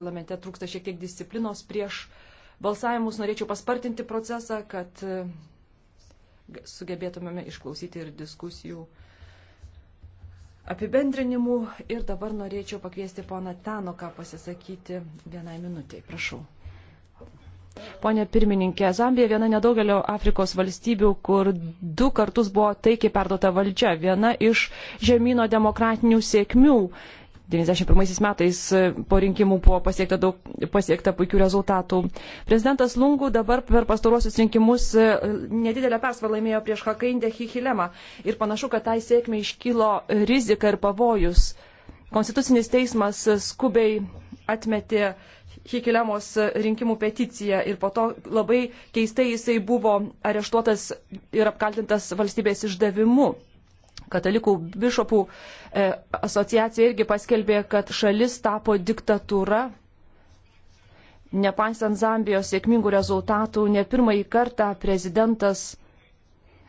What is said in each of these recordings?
parlamente trūksta šiek tiek disciplinos prieš balsavimus. Norėčiau paspartinti procesą, kad e, sugebėtumėme išklausyti ir diskusijų apibendrinimų. Ir dabar norėčiau pakviesti poną Tenoką pasisakyti vienai minutiai. Prašau. Pone pirmininkė, Zambija viena nedaugelio Afrikos valstybių, kur du kartus buvo taikiai perduota valdžia. Viena iš žemynų demokratinių sėkmių 91 metais e, po rinkimų buvo pasiekta, daug, pasiekta puikių rezultatų. Prezidentas Lungu dabar per pastaruosius rinkimus e, nedidelę persvarą laimėjo prieš Hakaindę Hichilemą ir panašu, kad tai sėkmė iškilo rizika ir pavojus. Konstitucinis teismas skubiai atmetė Hikilemos rinkimų peticiją ir po to labai keistai jisai buvo areštuotas ir apkaltintas valstybės išdavimu. Katalikų bišopų e, asociacija irgi paskelbė, kad šalis tapo diktatūra. Nepaisant Zambijos sėkmingų rezultatų, ne pirmąjį kartą prezidentas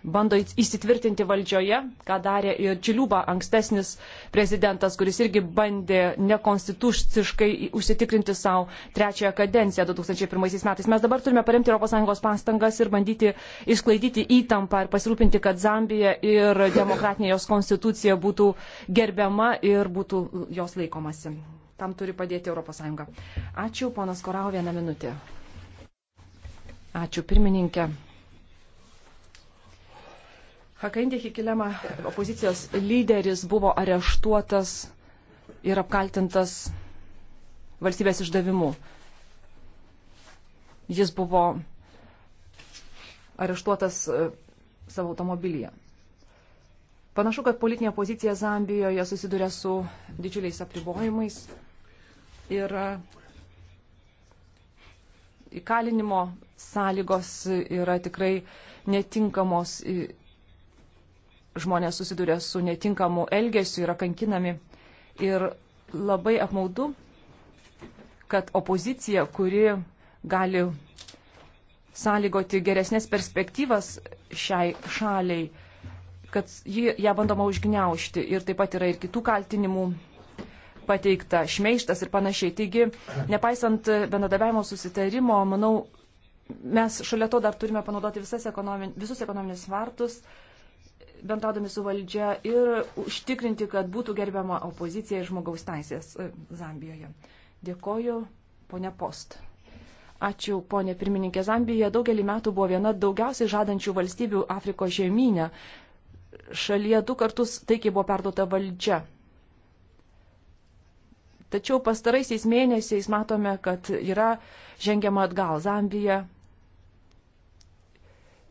bando įsitvirtinti valdžioje, ką darė ir Čiliuba ankstesnis prezidentas, kuris irgi bandė nekonstituciškai užsitikrinti savo trečiąją kadenciją 2001 metais. Mes dabar turime paremti ES pastangas ir bandyti išsklaidyti įtampą ir pasirūpinti, kad Zambija ir demokratinė jos konstitucija būtų gerbiama ir būtų jos laikomasi. Tam turi padėti ES. Ačiū, ponas Korau, vieną minutę. Ačiū, pirmininkė. Hakaintė Hikilema, opozicijos lyderis, buvo areštuotas ir apkaltintas valstybės išdavimu. Jis buvo areštuotas e, savo automobilyje. Panašu, kad politinė pozicija Zambijoje susiduria su didžiuliais apribojimais ir e, įkalinimo sąlygos yra tikrai netinkamos žmonės susiduria su netinkamu elgesiu, yra kankinami. Ir labai apmaudu, kad opozicija, kuri gali sąlygoti geresnės perspektyvas šiai šaliai, kad ji, ją bandoma užgneušti. Ir taip pat yra ir kitų kaltinimų pateikta, šmeištas ir panašiai. Taigi, nepaisant bendradarbiavimo susitarimo, manau, mes šalia to dar turime panaudoti ekonomin, visus ekonominius vartus, bendraudami su valdžia ir užtikrinti, kad būtų gerbiama opozicija ir žmogaus teisės e, Zambijoje. Dėkoju, ponė Post. Ačiū, ponė pirmininkė. Zambija daugelį metų buvo viena daugiausiai žadančių valstybių Afrikos žemynė. Šalyje du kartus taikiai buvo perduota valdžia. Tačiau pastaraisiais mėnesiais matome, kad yra žengiama atgal Zambija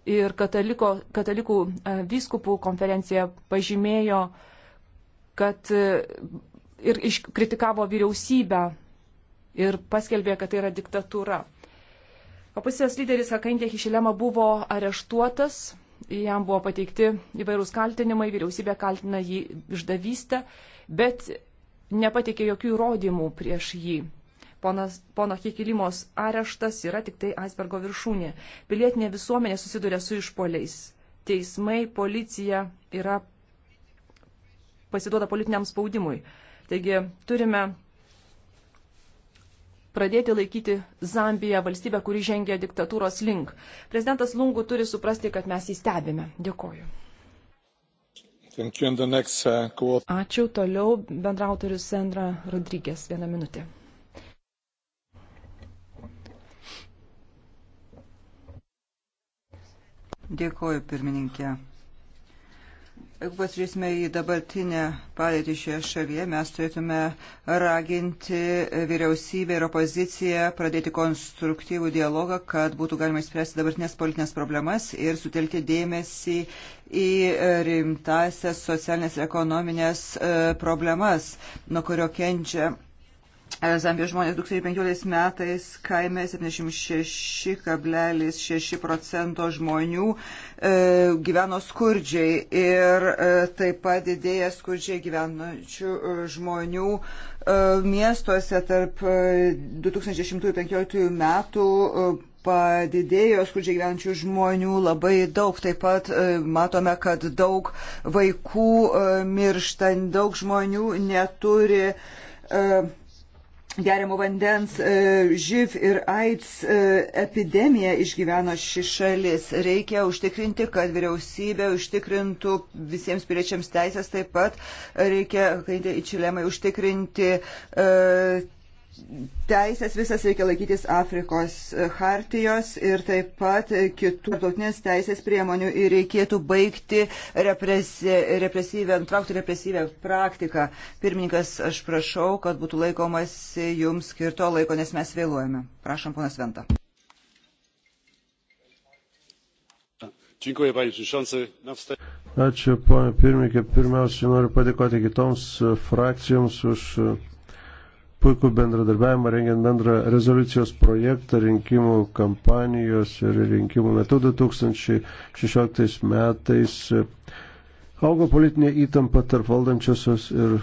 ir kataliko, katalikų e, vyskupų konferencija pažymėjo, kad e, ir iškritikavo vyriausybę ir paskelbė, kad tai yra diktatūra. Opozicijos lyderis Hakantė Hišilema buvo areštuotas, jam buvo pateikti įvairūs kaltinimai, vyriausybė kaltina jį išdavystę, bet nepateikė jokių įrodymų prieš jį. Ponas, pono Kikilimos areštas yra tik tai aisbergo viršūnė. Pilietinė visuomenė susiduria su išpoliais. Teismai, policija yra pasiduoda politiniam spaudimui. Taigi turime pradėti laikyti Zambiją valstybę, kuri žengia diktatūros link. Prezidentas Lungu turi suprasti, kad mes jį stebime. Dėkoju. Uh, Ačiū. Toliau bendrautorius Sandra Rodrygės. Vieną minutę. Dėkoju, pirmininkė. Jeigu pasižiūrėsime į dabartinę padėtį šioje šalyje, mes turėtume raginti vyriausybę ir opoziciją pradėti konstruktyvų dialogą, kad būtų galima išspręsti dabartinės politinės problemas ir sutelkti dėmesį į rimtasias socialinės ir ekonominės e, problemas, nuo kurio kenčia E, Zambijos žmonės 2015 metais kaime 76,6 procento žmonių e, gyveno skurdžiai ir e, taip pat didėja skurdžiai gyvenančių e, žmonių e, miestuose tarp 2015 e, metų. E, Padidėjo skurdžiai gyvenančių žmonių labai daug. Taip pat e, matome, kad daug vaikų e, miršta, daug žmonių neturi e, geriamo vandens e, živ ir AIDS e, epidemiją išgyveno ši šalis. Reikia užtikrinti, kad vyriausybė užtikrintų visiems piliečiams teisės, taip pat reikia, kai įčiulėmai, užtikrinti e, teisės visas reikia laikytis Afrikos hartijos ir taip pat kitų tautinės teisės priemonių ir reikėtų baigti represyvę, nutraukti represyvę praktiką. Pirmininkas, aš prašau, kad būtų laikomas jums skirto laiko, nes mes vėluojame. Prašom, ponas Venta. Ačiū, ponė pirmininkė. Pirmiausia, noriu padėkoti kitoms frakcijoms už puikų bendradarbiavimą, rengiant bendrą rezoliucijos projektą rinkimų kampanijos ir rinkimų metu 2016 metais. Augo politinė įtampa tarp valdančiosios ir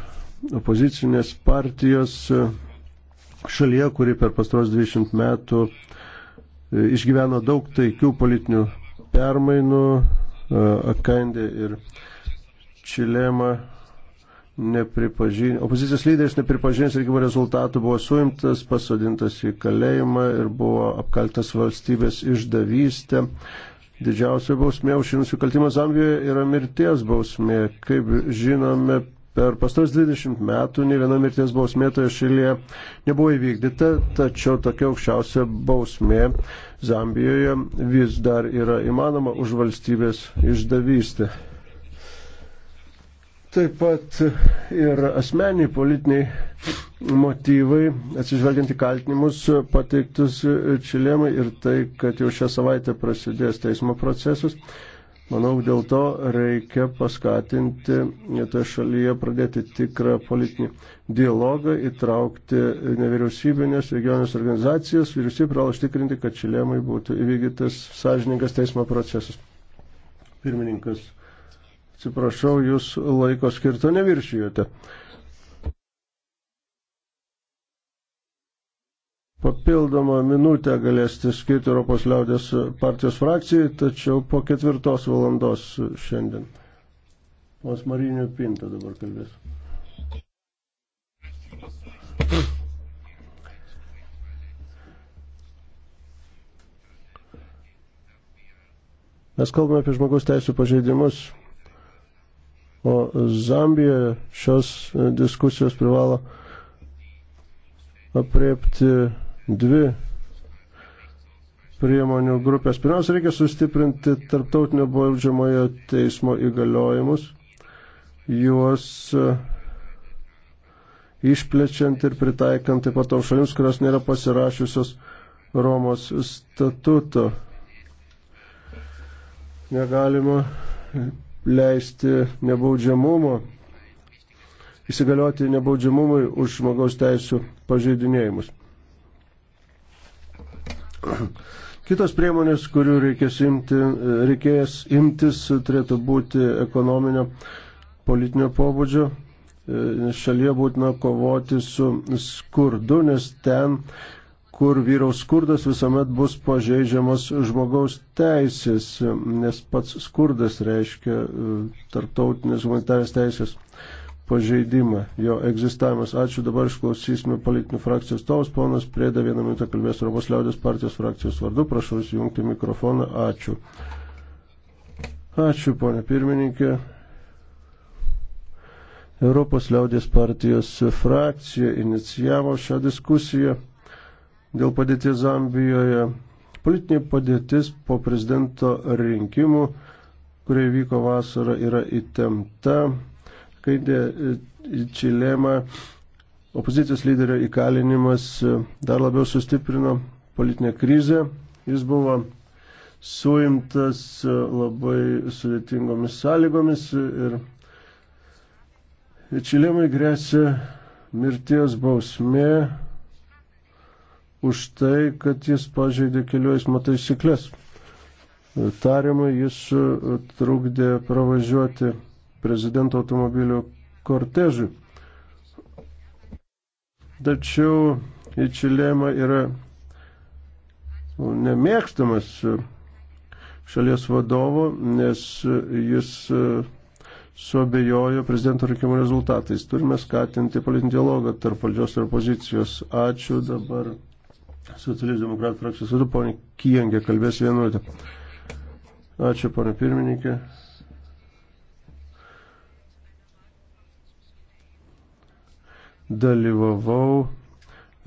opozicinės partijos šalyje, kuri per pastaros 20 metų e, išgyveno daug taikių politinių permainų, e, Akandė ir Čilema nepripažinęs, opozicijos lyderis nepripažinęs rinkimų rezultatų buvo suimtas, pasodintas į kalėjimą ir buvo apkaltas valstybės išdavystė. Didžiausia bausmė už šį nusikaltimą Zambijoje yra mirties bausmė. Kaip žinome, per pastarus 20 metų ne viena mirties bausmė toje šalyje nebuvo įvykdyta, tačiau tokia aukščiausia bausmė Zambijoje vis dar yra įmanoma už valstybės išdavystę. Taip pat ir asmeniai politiniai motyvai, atsižvelgiant į kaltinimus pateiktus Čilemai ir tai, kad jau šią savaitę prasidės teismo procesas, manau, dėl to reikia paskatinti toje šalyje pradėti tikrą politinį dialogą, įtraukti nevyriausybinės regionės organizacijas, vyriausybė privalo užtikrinti, kad Čilemai būtų įvykdytas sąžininkas teismo procesas. Pirmininkas. Atsiprašau, jūs laiko skirto neviršijote. Papildomą minutę galėsite skirti Europos liaudės partijos frakcijai, tačiau po ketvirtos valandos šiandien. Pons Marinio Pinta dabar kalbės. Mes kalbame apie žmogaus teisų pažeidimus O Zambijoje šios e, diskusijos privalo apriepti dvi priemonių grupės. Pirmiausia, reikia sustiprinti tarptautinio baudžiamojo teismo įgaliojimus, juos e, išplečiant ir pritaikant taip pat toms šalims, kurios nėra pasirašiusios Romos statuto. Negalima leisti nebaudžiamumo, įsigalioti nebaudžiamumui už žmogaus teisų pažeidinėjimus. Kitos priemonės, kurių reikės, imti, reikės imtis, turėtų būti ekonominio, politinio pobūdžio. E, šalyje būtina kovoti su skurdu, nes ten kur vyraus skurdas, visuomet bus pažeidžiamas žmogaus teisės, nes pats skurdas reiškia e, tarptautinės humanitarės teisės pažeidimą, jo egzistavimas. Ačiū, dabar išklausysime politinių frakcijų atstovus. Ponas Prėda vieną minutę kalbės Europos liaudės partijos frakcijos vardu. Prašau įjungti mikrofoną. Ačiū. Ačiū, ponė pirmininkė. Europos liaudės partijos frakcija inicijavo šią diskusiją dėl padėties Zambijoje. Politinė padėtis po prezidento rinkimų, kurie vyko vasarą, yra įtempta. Kai e, Čilema opozicijos lyderio įkalinimas e, dar labiau sustiprino politinę krizę, jis buvo suimtas e, labai sudėtingomis sąlygomis ir Čilimai grėsia mirties bausmė už tai, kad jis pažeidė kelių eismo taisyklės. Tariamai jis e, trukdė pravažiuoti prezidento automobilio kortežui. Tačiau į Čilėmą yra nemėgstamas e, šalies vadovo, nes e, jis suabejojo prezidento rinkimų rezultatais. Turime skatinti politinį dialogą tarp valdžios ir opozicijos. Ačiū dabar. Socialistų demokratų frakcijos vadu, ponė Kijangė, kalbės vienuotę. Ačiū, ponė pirmininkė. Dalyvavau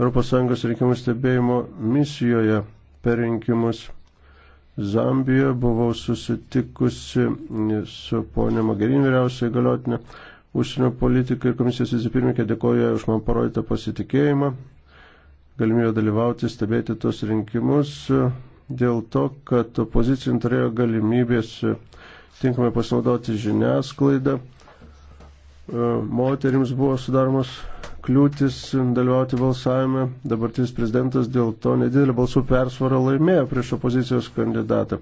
ES rinkimų stebėjimo misijoje per rinkimus Zambijoje. Buvau susitikusi su ponė Magarin vyriausiai galiotinė užsienio politikai ir komisijos įsipirminkė dėkoja už man parodytą pasitikėjimą galimybę dalyvauti, stebėti tos rinkimus e, dėl to, kad opozicija turėjo galimybės e, tinkamai pasinaudoti žiniasklaidą. E, moterims buvo sudaromos kliūtis dalyvauti balsavime. Dabartinis prezidentas dėl to nedidelį balsų persvarą laimėjo prieš opozicijos kandidatą.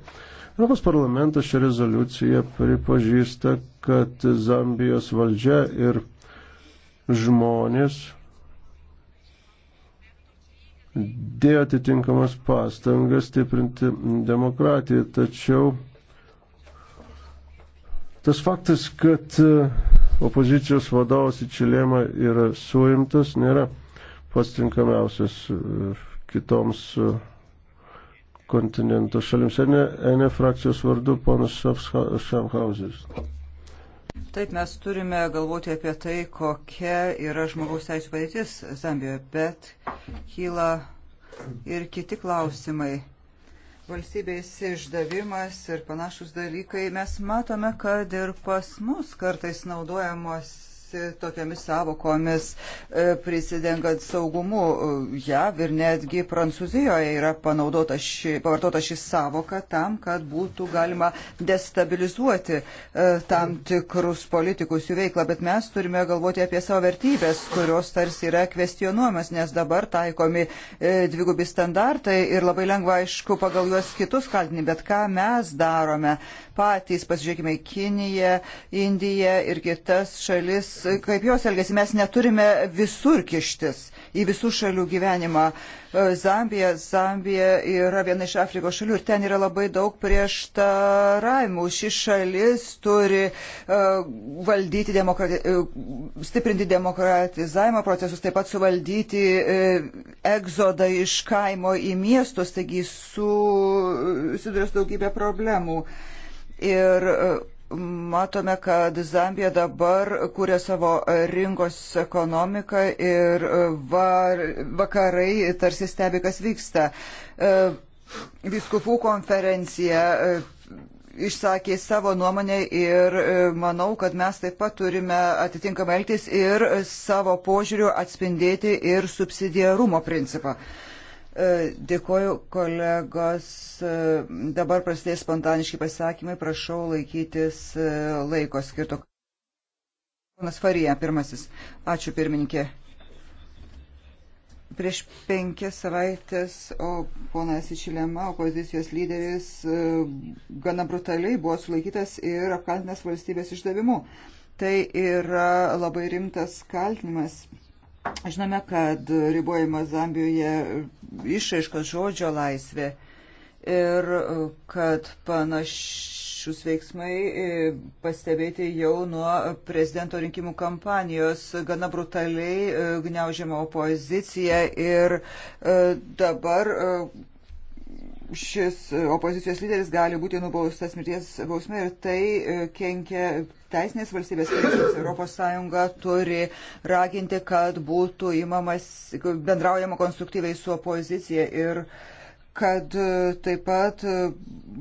Europos parlamentas šią rezoliuciją pripažįsta, kad Zambijos valdžia ir žmonės dėjo atitinkamas pastangas stiprinti demokratiją. Tačiau tas faktas, kad e, opozicijos vadovas į Čilėmą yra suimtas, nėra pats tinkamiausias e, kitoms e, kontinento šalims. Ne, ne frakcijos vardu, ponas Šafhauseris. Taip, mes turime galvoti apie tai, kokia yra žmogaus teisų padėtis Zambijoje, bet kyla ir kiti klausimai. Valstybės išdavimas ir panašus dalykai. Mes matome, kad ir pas mus kartais naudojamos naudojasi tokiamis savokomis e, prisidengant saugumu e, jav ir netgi Prancūzijoje yra panaudota ši, pavartota ši savoka tam, kad būtų galima destabilizuoti e, tam tikrus politikus jų veiklą, bet mes turime galvoti apie savo vertybės, kurios tarsi yra kvestionuomas, nes dabar taikomi dvigubi standartai ir labai lengva aišku pagal juos kitus kaltinį, bet ką mes darome patys, pasižiūrėkime į Kiniją, Indiją ir kitas šalis, kaip jos elgesi, mes neturime visur kištis į visų šalių gyvenimą. E, Zambija, Zambija yra viena iš Afrikos šalių ir ten yra labai daug prieštaravimų. Ši šalis turi e, valdyti demokrati... E, stiprinti demokratizavimo procesus, taip pat suvaldyti egzodą iš kaimo į miestus, taigi susidurės daugybė problemų. Ir Matome, kad Zambija dabar kūrė savo rinkos ekonomiką ir e, var, vakarai tarsi stebi, kas vyksta. E, Viskupų konferencija e, išsakė savo nuomonę ir manau, kad mes taip pat turime atitinkamai elgtis ir savo požiūriu atspindėti ir subsidiarumo principą. Uh, E, dėkoju, kolegos. E, dabar prasidės spontaniški pasakymai. Prašau laikytis e, laiko skirto. Ponas Farija, pirmasis. Ačiū, pirmininkė. Prieš penkias savaitės o ponas Ičilema, opozicijos lyderis, gana brutaliai buvo sulaikytas ir apkaltinęs valstybės išdavimu. Tai yra labai rimtas kaltinimas Žinome, kad ribojama Zambijoje išaiškos žodžio laisvė ir kad panašius veiksmai e, pastebėti jau nuo prezidento rinkimų kampanijos gana brutaliai e, gniaužiama opozicija ir e, dabar šis e, opozicijos lyderis gali būti nubaustas mirties bausme ir tai e, kenkia teisinės valstybės principams. Europos Sąjunga turi raginti, kad būtų įmamas, bendraujama konstruktyviai su opozicija ir kad e, taip pat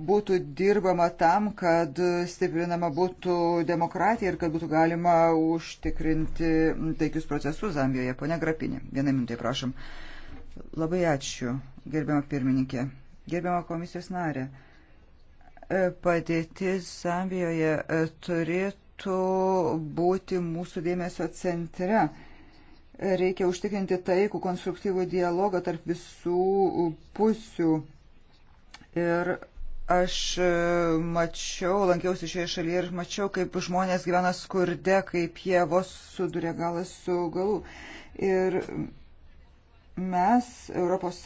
būtų dirbama tam, kad stiprinama būtų demokratija ir kad būtų galima užtikrinti taikius procesus Zambijoje. Pone Grapinė, vieną minutę prašom. Labai ačiū, gerbiama pirmininkė. Gerbiama komisijos narė, e, padėtis Zambijoje e, turėtų būti mūsų dėmesio centre. E, reikia užtikrinti taikų konstruktyvų dialogą tarp visų pusių. Ir aš mačiau, lankiausi šioje šalyje ir mačiau, kaip žmonės gyvena skurde, kaip jie vos suduria galas su galu. Ir mes, ES,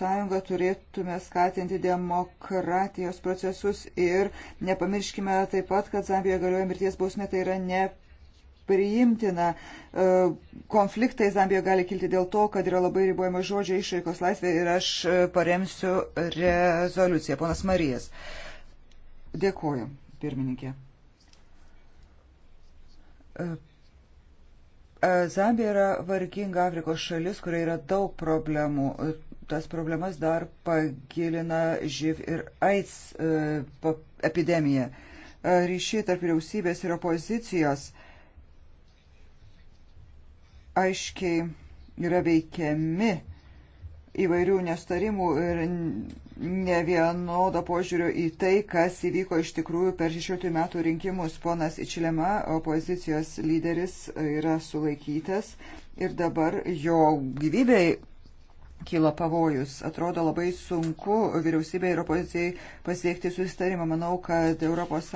turėtume skatinti demokratijos procesus ir nepamirškime taip pat, kad Zambijoje galioja mirties bausmė, tai yra ne priimtina. E, konfliktai Zambijoje gali kilti dėl to, kad yra labai ribojama žodžio išraikos laisvė ir aš e, paremsiu rezoliuciją. Ponas Marijas. Dėkuoju, pirmininkė. E, E, Zambija yra varginga Afrikos šalis, kurioje yra daug problemų. Tas problemas dar pagilina živ ir AIDS e, epidemija. E, ryšiai tarp vyriausybės ir opozicijos aiškiai yra veikiami įvairių nestarimų ir ne vienodo požiūrio į tai, kas įvyko iš tikrųjų per 16 metų rinkimus. Ponas Ičilema, opozicijos lyderis, yra sulaikytas ir dabar jo gyvybei kilo pavojus. Atrodo labai sunku vyriausybė ir opozicijai pasiekti susitarimą. Manau, kad ES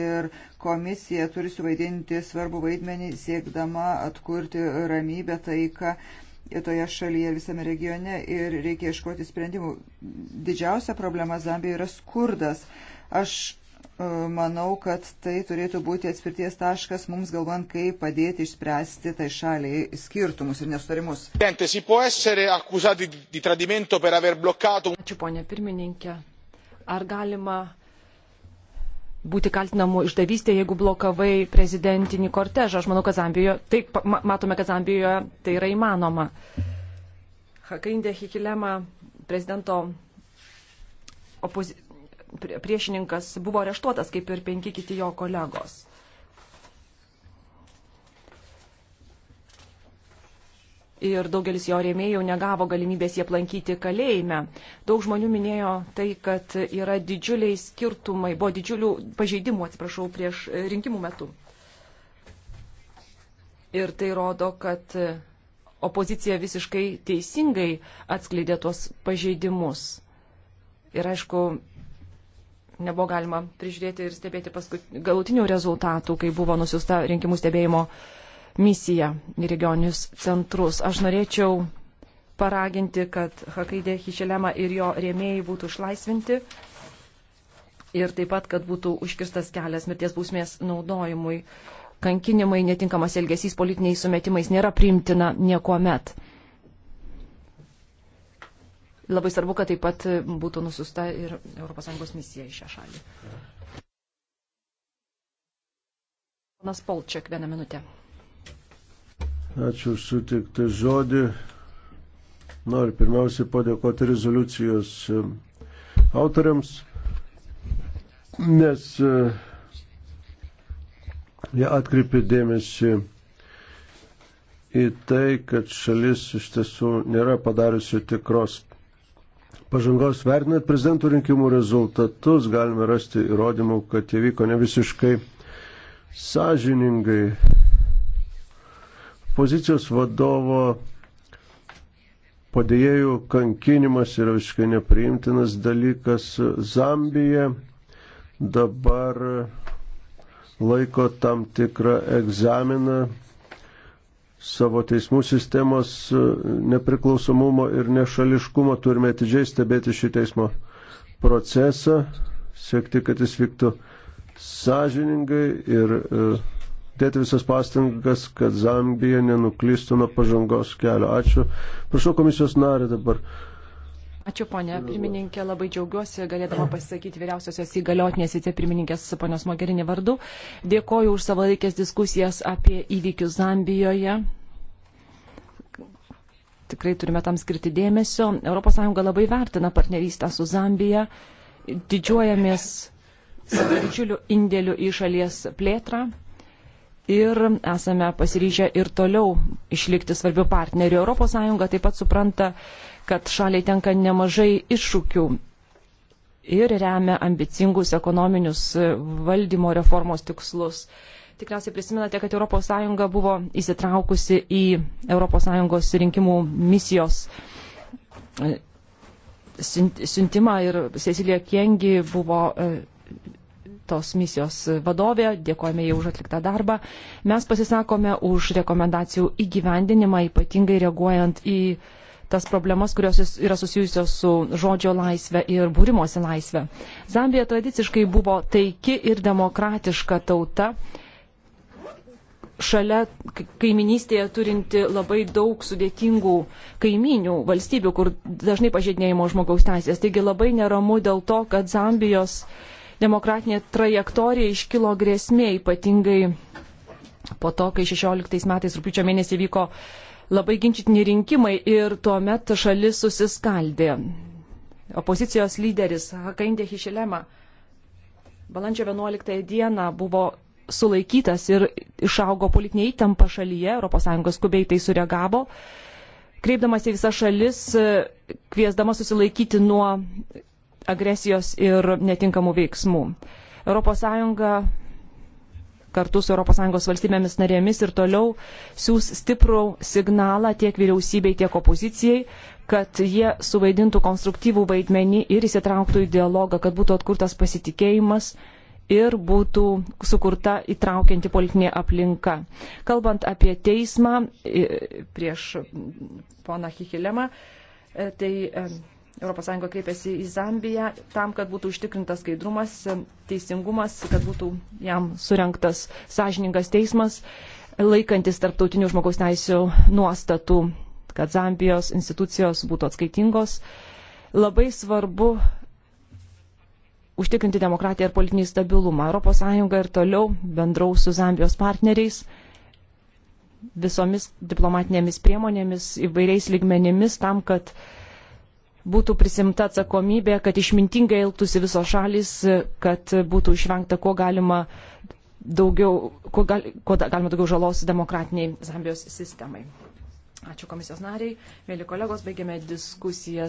ir komisija turi suvaidinti svarbu vaidmenį siekdama atkurti ramybę taiką. Uh, toje šalyje ir visame regione ir reikia iškoti sprendimų. Didžiausia problema Zambijoje yra skurdas. Aš e, manau, kad tai turėtų būti atspirties taškas mums galvant, kaip padėti išspręsti tai šaliai skirtumus ir nesutarimus. Ačiū, ponė pirmininkė. Ar galima būti kaltinamu išdavystė, jeigu blokavai prezidentinį kortežą. Aš manau, kad Zambijoje, taip matome, kad Zambijoje tai yra įmanoma. Hakaindė Hikilema, prezidento opozi... priešininkas, buvo areštuotas, kaip ir penki kiti jo kolegos. ir daugelis jo rėmėjų negavo galimybės jie aplankyti kalėjime. Daug žmonių minėjo tai, kad yra didžiuliai skirtumai, buvo didžiulių pažeidimų, atsiprašau, prieš rinkimų metu. Ir tai rodo, kad opozicija visiškai teisingai atskleidė tuos pažeidimus. Ir aišku, nebuvo galima prižiūrėti ir stebėti paskut... galutinių rezultatų, kai buvo nusiusta rinkimų stebėjimo uh, misiją į regionius centrus. Aš norėčiau paraginti, kad Hakaidė Hišelema ir jo rėmėjai būtų išlaisvinti ir taip pat, kad būtų užkirstas kelias mirties bausmės naudojimui. Kankinimai, netinkamas elgesys politiniais sumetimais nėra priimtina nieko met. Labai svarbu, kad taip pat būtų nusiusta ir ES misija į šią šalį. Ponas Polčiak, vieną minutę. Ačiū sutiktą žodį. Noriu pirmiausiai padėkoti rezoliucijos e, autoriams, nes e, jie atkreipė dėmesį į tai, kad šalis iš tiesų nėra padariusi tikros pažangos. Vertinant prezidentų rinkimų rezultatus, galime rasti įrodymų, kad jie vyko ne visiškai sąžiningai Pozicijos vadovo padėjėjų kankinimas yra visiškai nepriimtinas dalykas. Zambija dabar laiko tam tikrą egzaminą savo teismų sistemos nepriklausomumo ir nešališkumo. Turime atidžiai stebėti šį teismo procesą, siekti, kad jis vyktų sąžiningai ir e, dėti visas pastangas, kad Zambija nenuklystų nuo pažangos kelio. Ačiū. Prašau komisijos narį dabar. Ačiū, ponė pirmininkė, labai džiaugiuosi galėdama pasisakyti vyriausiosios įgaliotinės vicepirmininkės ponios Mogerinė vardu. Dėkoju už savo laikės diskusijas apie įvykius Zambijoje. Tikrai turime tam skirti dėmesio. ES labai vertina partnerystę su Zambija. Didžiuojamės savo didžiuliu indėliu į šalies plėtrą ir esame pasiryžę ir toliau išlikti svarbiu partneriu. ES taip pat supranta, kad šaliai tenka nemažai iššūkių ir remia ambicingus ekonominius valdymo reformos tikslus. Tikriausiai prisimenate, kad ES buvo įsitraukusi į ES rinkimų misijos e, siuntimą ir Cecilija Kengi buvo e, tos misijos vadovė, dėkojame jai už atliktą darbą. Mes pasisakome už rekomendacijų įgyvendinimą, ypatingai reaguojant į tas problemas, kurios yra susijusios su žodžio laisvė ir būrimosi laisvė. Zambija tradiciškai buvo taiki ir demokratiška tauta. Šalia kaiminystėje turinti labai daug sudėtingų kaiminių valstybių, kur dažnai pažeidinėjimo žmogaus teisės. Taigi labai neramu dėl to, kad Zambijos uh, demokratinė trajektorija iškilo grėsmė, ypatingai po to, kai 16 metais rūpiučio mėnesį vyko labai ginčytini rinkimai ir tuo metu šalis susiskaldė. Opozicijos lyderis Hakaindė Hišilema balandžio 11 dieną buvo sulaikytas ir išaugo politinė įtampa šalyje, ES skubiai tai sureagavo kreipdamas į visas šalis, kviesdama susilaikyti nuo agresijos ir netinkamų veiksmų. ES kartu su ES valstybėmis narėmis ir toliau siūs stiprų signalą tiek vyriausybei, tiek opozicijai, kad jie suvaidintų konstruktyvų vaidmenį ir įsitrauktų į dialogą, kad būtų atkurtas pasitikėjimas ir būtų sukurta įtraukianti politinė aplinka. Kalbant apie teismą prieš poną Hichilemą, e, tai e, ES kreipėsi į Zambiją tam, kad būtų užtikrintas skaidrumas, teisingumas, kad būtų jam surinktas sąžiningas teismas, laikantis tarptautinių žmogaus teisų nuostatų, kad Zambijos institucijos būtų atskaitingos. Labai svarbu užtikrinti demokratiją ir politinį stabilumą. ES ir toliau bendraus su Zambijos partneriais visomis diplomatinėmis priemonėmis, įvairiais ligmenimis tam, kad uh, būtų prisimta atsakomybė, kad išmintingai elgtųsi visos šalis, kad būtų išvengta kuo galima daugiau, kuo gal, kuo galima daugiau žalos demokratiniai Zambijos sistemai. Ačiū komisijos nariai. Mėly kolegos, baigėme diskusijas.